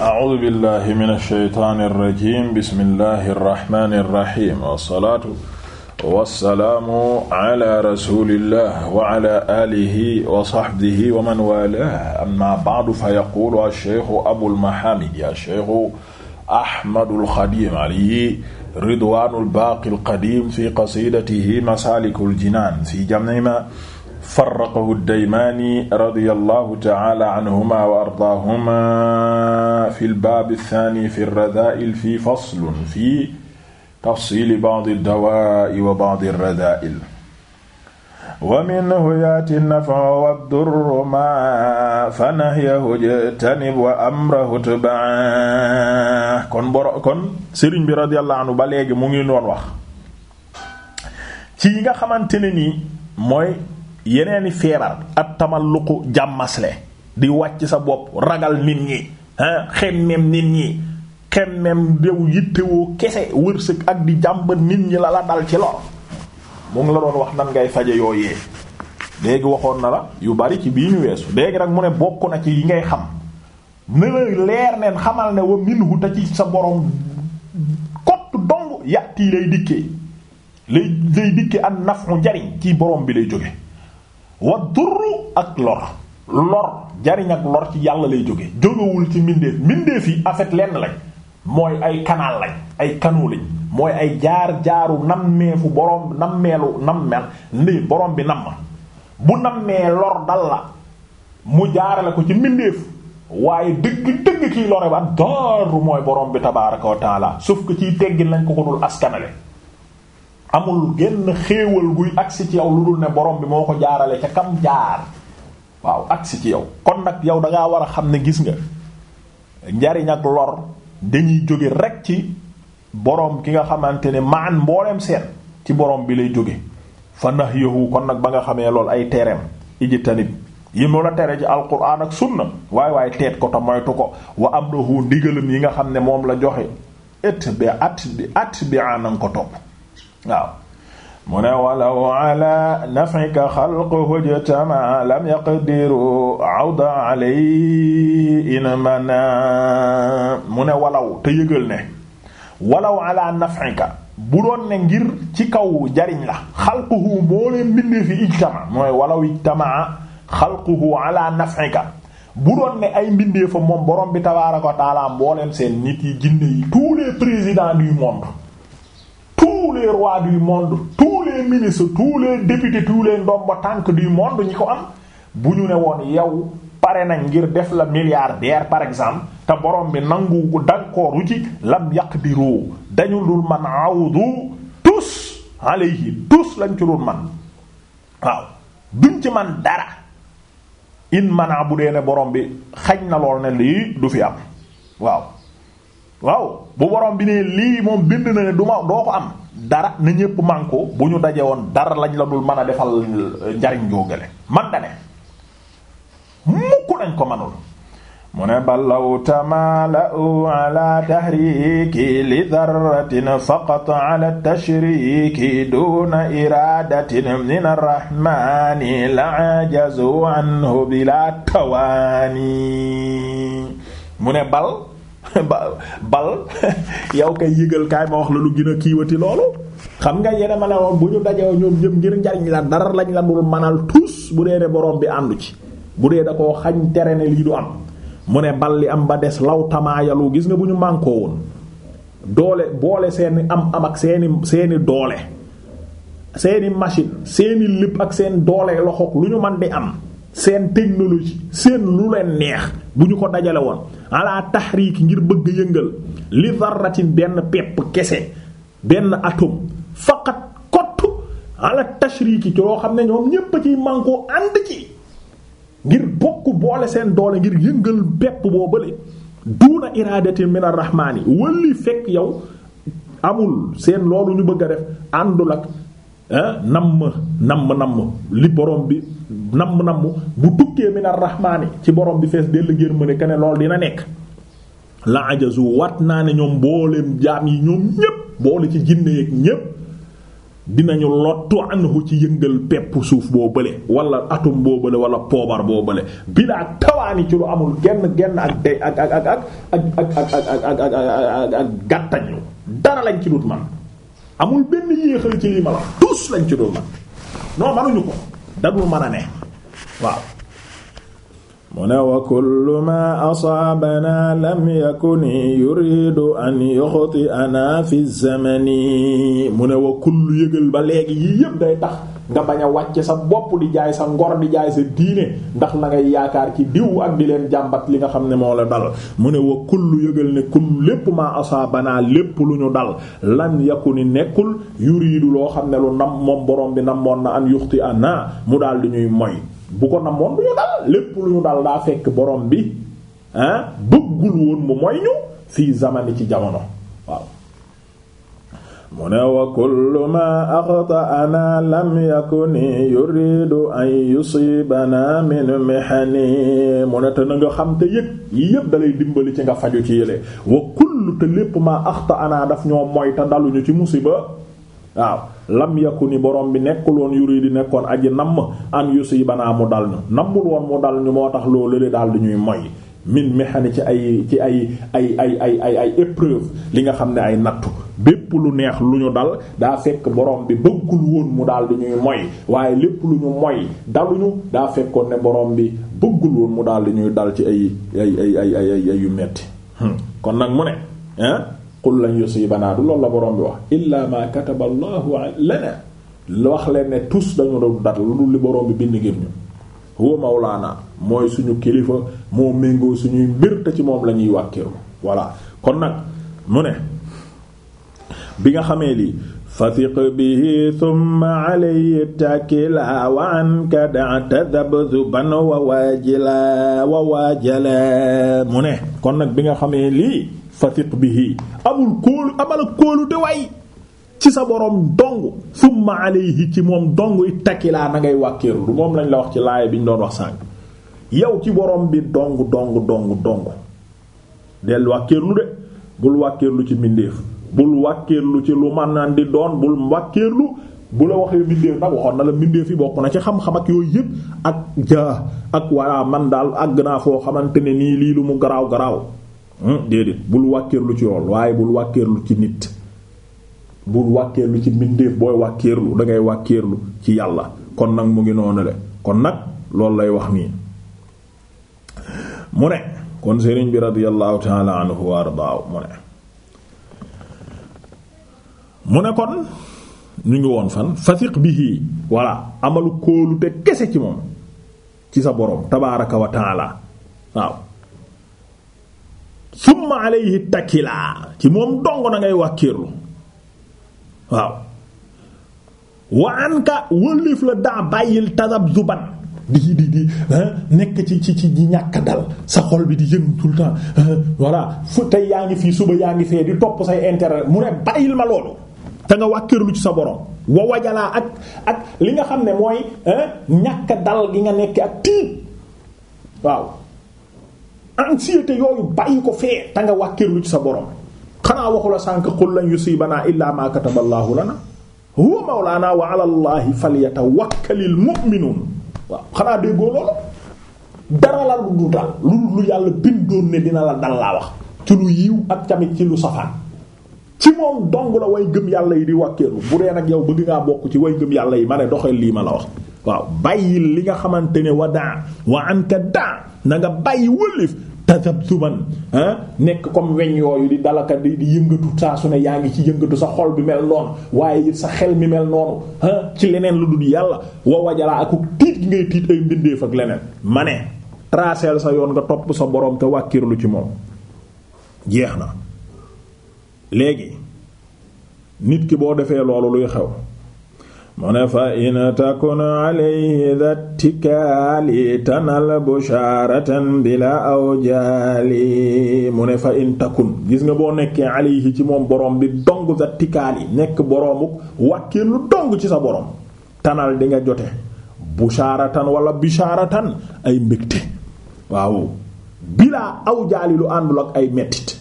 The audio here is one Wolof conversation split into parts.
acuudu billahi min alsheytaan alrajim bismi llahi arrahmani irrahim wassalaatu wassalaamu ala rasulillah wa ala alihi wa sahbihi wa man walah amma ba'du fa yaquulu alcheikhu abulmahamidi alcheikhu ahmadu alxadim alayhi ridwaanu albaaqi alqadim fi qasidatihi masaliku aljinaan fi jam'i ma farraqahu daymaani radiyallahu ta'ala anhuma wa ardaahuma fi lbaab ath-thaani fi ar-radaa'il fi faslun fi tafsiili ba'di ad-dawaa'i wa ba'di ar-radaa'il wa minhu yaati an-naf'u wad-durru ma fa nahyahu ijtanib wa amrahu ittiba' kon boro kon sëriñ bi radiyallahu anhu ba léegi mu ngi doon wax ci nga xamante ne nii mooy yeneeni feebar ak tamalluqu jàmmasle di wàcc sa bopp ragal nit ñi xemmeem nit ñi xemmeem dew yittewoo kese wërsëg ak di jàmbat nit ñi la la dal ci lor mu ngi la doon wax nan ngay faje yoo yooyee léegi waxoon na la yu bari ci bii ñu weesu léegi nag mu ne bokk na ci yi ngay xam ne la leer neen xamal ne wa minhu ta ci sa borom kott dong yàtti lay dikkee lay lay dikkee an nafu njariñ ci borom bi lay jóge wa durru ak lor lor jariñ ak lor ci yàlla lay jóge jógewul ci mbindeef mbindeef yi en lenn lañ mooy ay kanaal lañ ay kanu mooy ay jaar jaaru nammeefu borom nammeelu nammeel ni borom bi nam ma bu nammee lor dal la mu jaarale ko ci mbindeef waaye dëgg dëgg kiy lore ba daaru mooy borom bi tabaaraka wa taala sauf que ciy teggin lañ ko ko dul askanale amul genn xéewal guy agsi ci yow lu dul ne borom bi moo ko jaarale ca kam jaar waaw agsi ci yow kon nag yow dangaa war a xam ne gis nga njariñ ak lor dañuy jóge rekk ci borom ki nga xamante ne maan mboolem seen ci borom bi lay jóge fa nax yahu kon nag ba nga xamee lool ay tereem iji tanib yi mu la tere ci alquran ak sunna waaye waaye teet ko te moytu ko wa amruhu ndigalam yi nga xam ne moom la joxe et bi at bi at bi ananga ko topp waaw mu ne walaw ala nafika xalquhu jtama lam yaqdiru awda alay inmana mu ne walaw te yëgal ne walaw ala nafika bu doon ne ngir ci kaw jariñ la xalquhu moo mbindee fi ijtama mooy walaw ijtamaa xalquhu ala nafika bu doon ne ay mbindee fa moom borom bi tabaaraka wa mbooleem seen nit yi jinne yi tous les présidents du monde tous les rois du monde tous les ministres tous les députés tous tànk du monde ñi ko am bu ñu ne woon yow pare nañ ngir def la milliardaire par exemple te borom bi nangu ko dankooru ci lam yaqdiru dañu lul man awdu tous alayhi tous lañ ci lul man waaw duñ ci man dara in mana bu dee ne borom bi xañ na lool ne lii du fi am waaw waaw bu borom bi ne lii moom bind na ne du ma doo am dara na ñépp mànkoo bu ñu daje woon dara lañ la dul mën a defal euh, njariñ jógale man da ne mukk lañ manul mu ne bal law tamaalau ala tahriki li darratin faqat ala tashriki duna iradatin min arrahmani la ajazu anhu bila tawaani ba bal yow kay yëgal kaay ma wax la lu gën a kiiwati loolu xam nga yene ma ne woon bu ñu dajoo ñoom ñëpp ngir njariñ la dara lañ la dul manal tuus bu dee ne borom bi àndu ci bu dee da koo xañ tere ne lii du am mu ne bal li am ba des law tamaayalu gis nga bu ñu mànkoo woon doole boole seeni am am ak seeni seeni doole seeni machine seeni lépp ak seen doole loxo lu ñu man bi am seen technologie seen lu leen neex bu ñu ko dajale woon ala tahrik ngir bëgg yëngal li dharratin benn pepp kese benn atome faqat kott ala tashriki ci yoo xam ne ñoom ñépp ciy mànkoo ànd ci ngir bokk boole seen doole ngir yëngal pepp boo bële duuna iradatin min arrahmaani wëlli fekk yow amul seen loolu ñu bëgg a def àndul ak namm namm namm li borom bi namm namm bu tukkee mi ar-rahmaani ci borom bi fees dell gër më ne ke ne loolu dina nekk la ajazu wat naa ne ñoom mbooleem jaam yi ñoom ñépp boole ci jinne yeeg ñépp dinañu lottu anhu ci yëngal pepp suuf boo bële wala atum boo bële wala poobar boo bële bilaa tawaani ci lu amul genn genn ak day ak ak ak ak ak ak ak ak ak gàttañu dara lañ ci dut man amul benn yéexal ci lii ma la tous lañ ci dut man non manuñu ko dadul mën a ne waaw mu ne wa kullu ma asaabanaa lam yakuni yuridu an yuxti ana fi zamani mu ne wa kullu yëgal ba léegi yii yépp day tax nga bañ a wàcc sa bopp di jaay sa ngor di jaay sa diine ndax la ngay yaakaar ci diw ak di leen jàmbat li nga xam ne moo la dal mu ne wa kullu yëgal ne kullu lépp ma maa asaabanaa lépp lu ñu dal lan yàqu ni nekkul yuriidu loo xam ne lu nam moom borom bi moon na an yuxti ana mu daal di ñuy moy bu ko namoon lu ñu dal lépp lu ñu dal daa fekk boroom bi ah bëggul woon mu moy ñu fii zamani ci jamono mu ne wa kullu ma axta'ana lam yakuni yuridu an yusibana min mihani mu ne te na nga xam te yëg yi yëpp dalay dimbali ci nga faju ci yële wa kullu te lépp ma axta'ana daf ñoo moy te daluñu ci musiba waaw lam yakku ni borom bi nekkul woon yuri di nekkoon aji namm an yusibana mu dal ñu nammul woon mu dal ñu moo tax loolu le daal di ñuy moy min mihani ci ay ci ay ay ay ay ay épreuve li nga xam ne ay nattu bépp lu neex lu ñu dal daa fekk borom bi bëggul woon mu daal di ñuy moy waaye lépp lu ñu moy daluñu daa fekkoon ne borom bi bëggul woon mu daal di ñuy dal ci ay ay ay ay yu metti hmm. kon nag mu ne ah qul lan yusibanaa du loolu la borom bi wax illa ma kataba allahu lana wax leen ne tous dañu doon dara lu dul li borom bi bind ngir ñu huwa mooy suñu kilifa moo méngoo suñuy mbir te ci moom la ñuy wàkkeeru voilà kon nag mu ne bi nga xamee lii fasiq bi thumma alayhi takila wa anka da'ta dabzuban wa waajila mu ne kon nag bi nga xamee lii fasiq bihi amul kóolu amala kóolu te way ci sa boroom dong thumma alayhi ci moom dong it takilaa na ngay wàkkeerlu moom lañ la wax ci laaya biñ doon wax sànq yow ci boroom bi dong dong dong dong del lu de bul wàkkeerlu ci mbindeef bul wàkkeerlu ci lu man naan doon bul wàkkeerlu bu la waxee mbindeef nag waxoon na la mbindeef yi bokk na ci xam-xam ak yooyu yëpp ak jaa ak walla man daal àgg naa foo xamante ne nii lii lu mu garaaw garaaw hmm, déedéet bul wàkkeerlu ci yool waaye bul wàkkeerlu ci nit bul wàkkeerlu ci mbindeef booy wàkkeerlu da wàkkeerlu ci yàlla kon nag mu ngi noonu le kon nag loolu lay wax nii mu ne kon sëriñ bi radiyallahu ta'ala anhu wa ardaahu mu ne mu ne kon ñu ngi woon fan fasiq bihi voilà amalu kóolu te kese ci moom ci sa boroom tabaaraka wa taala waaw summa alayhi takkilaa ci moom dong na wax wàkkiirlu waaw wa anka wëllif la daa bàyyil tadab zuban di di di nekk ci ci ci ñàkk dal sa xol bi di yëngu tout le fu tey yaa ngi fii suba yaa ngi fee di topp say intérêt mu ne bàyyil ma loolu te nga wàkkirlu ci sa borom wa wajalaa ak ak li nga xam ne mooy ñàkk dal gi nga nekk ak tiit waaw anxiété yooyu bàyyi ko fee te nga wàkkirlu ci sa borom xanaa waxu la sànq qul lan yusibanaa illaa maa kataballaahu lana huwa mawlaana wa ala llaahi falyatawakkalil mu'minuun waaw xanaa déggoo loolu dara la lu du lu lu yàlla bindoon ne dina la dal laa wax ci lu yiw ak tamit ci lu safaan ci moom dong la way gëm yàlla yi di wàkkeeru bu dee nag yow bëgg ngaa bokk ci way gëm yàlla yi ma ne doxal lii ma la wax waaw bàyyi li nga xamante ne wa daa wa anta daa na nga bàyyi wëllif tasabsuban ah, nekk comme weñ yooyu di dalaka di di yëngatu saa su ne yaa ngi ci yëngatu sa xol bi mel noonu waaye sa xel mi mel noonu ah, ci leneen lu dul yàlla wa wajalaa ak tiit gi ngay tiit ay mbindeef ak leneen ma ne traceel sa yoon nga topp sa borom te wàkkiirlu ci moom na léegi nit ki boo defee loolu luy xew mu ne fa in takun alayhi tanal busharatan bila awjaali mu ne fa in gis nga boo nekkee alayhi ci moom boroom bi dong dattikaali nekk boroomu lu dong ci sa borom tanal di nga jote busharatan wala bisharatan ay mbégte waaw bila awjaali lu àndul ak ay mettit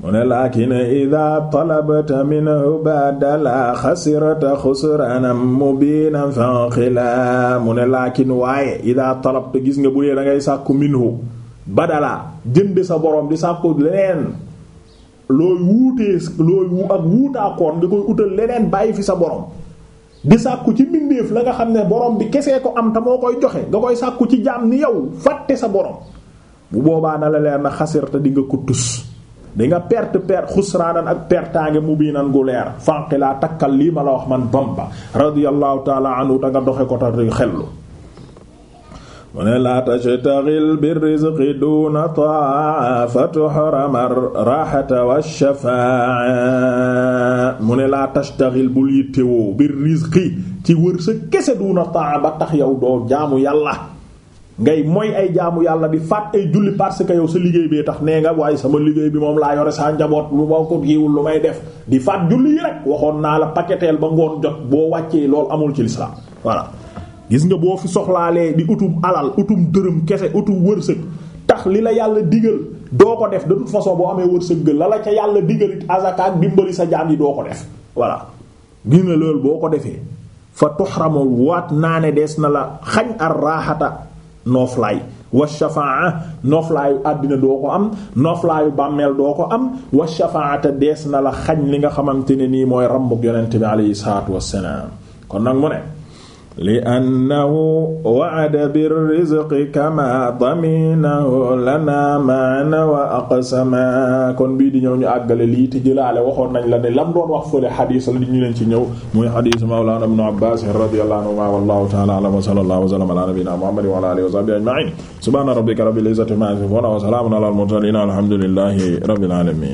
mu ne laakin ida talabta minhu badala xasirata xusraanam mubiina fanqila mu ne laakin waaye ida te gis nga bu dee da sàkku minhu badala jënd sa borom di sàkku leneen looy wuutee looy wu ak wuutaakoon di leneen bàyyi fi sa borom di sàkku ci mbindeef la nga xam ne borom bi kese ko am te moo koy joxe nga koy sàkku ci jaam ni yow fàtte sa borom bu boobaa na la leer na xasirta di ko tus dinga nga perte perte xusraanan ak pertaange mubiinan gu leer fànqi takkal lii ma la wax man bamba radiyallahu taala anhu mu ne laa tashtaghil bi rizqi duna taa fatuhrama rahata wa shafaa mu ne laa tashtaghil bul yittewoo bi rizqi ci wërsëg kese duna taa ba tax yow doo jaamu yàlla ngay mooy ay jaamu yàlla di faat ay julli parce que yow sa liggéey bee tax nee nga waaye sama liggéey bi moom laa yore sa njaboot lu ma ko giiwul lu may def di faat julli yi rek waxoon naa la paketeel ba ngoon jot boo wàccee loolu amul ci lislaam waa gis nga boo fi soxlaalee di utum alal utum dërëm kese utum wërsëg tax li la yàlla digal doo ko def de toute façon boo amee wërsëg la la ca yàlla digalit azaka ak dimbali sa jaam yi doo ko def voilà gis nga boo ko defee fa tuxramul naa ne dees na la xañ ar nooflaay wa shafaa nooflaayu àddina doo ko am nooflaayu bàmmeel doo ko am wa shafaata dees na la xañ li nga xamante ne nii mooy rambug yonent bi aleyhi salaatu wassalaam kon nag mu ne li annahu wa'ada bir-rizqi kama daminahu lana ma'na wa aqsama kon bii di ñëw ñu àggale lii te jëlaale waxoon nañ la ne lam doon wax fële xadiis la di ñu leen ci ñëw muy xadiis mawlana ibn Abbaas radiyallahu anhu wallahu ta'ala a'lam wa sallallahu wa sallama ala nabiyyina Muhammadin wa ala alihi wa sahbihi ajma'in subhana rabbika rabbil izzati amma yasifun wa salamun ala al-mursalin alhamdulillahi rabbil alamin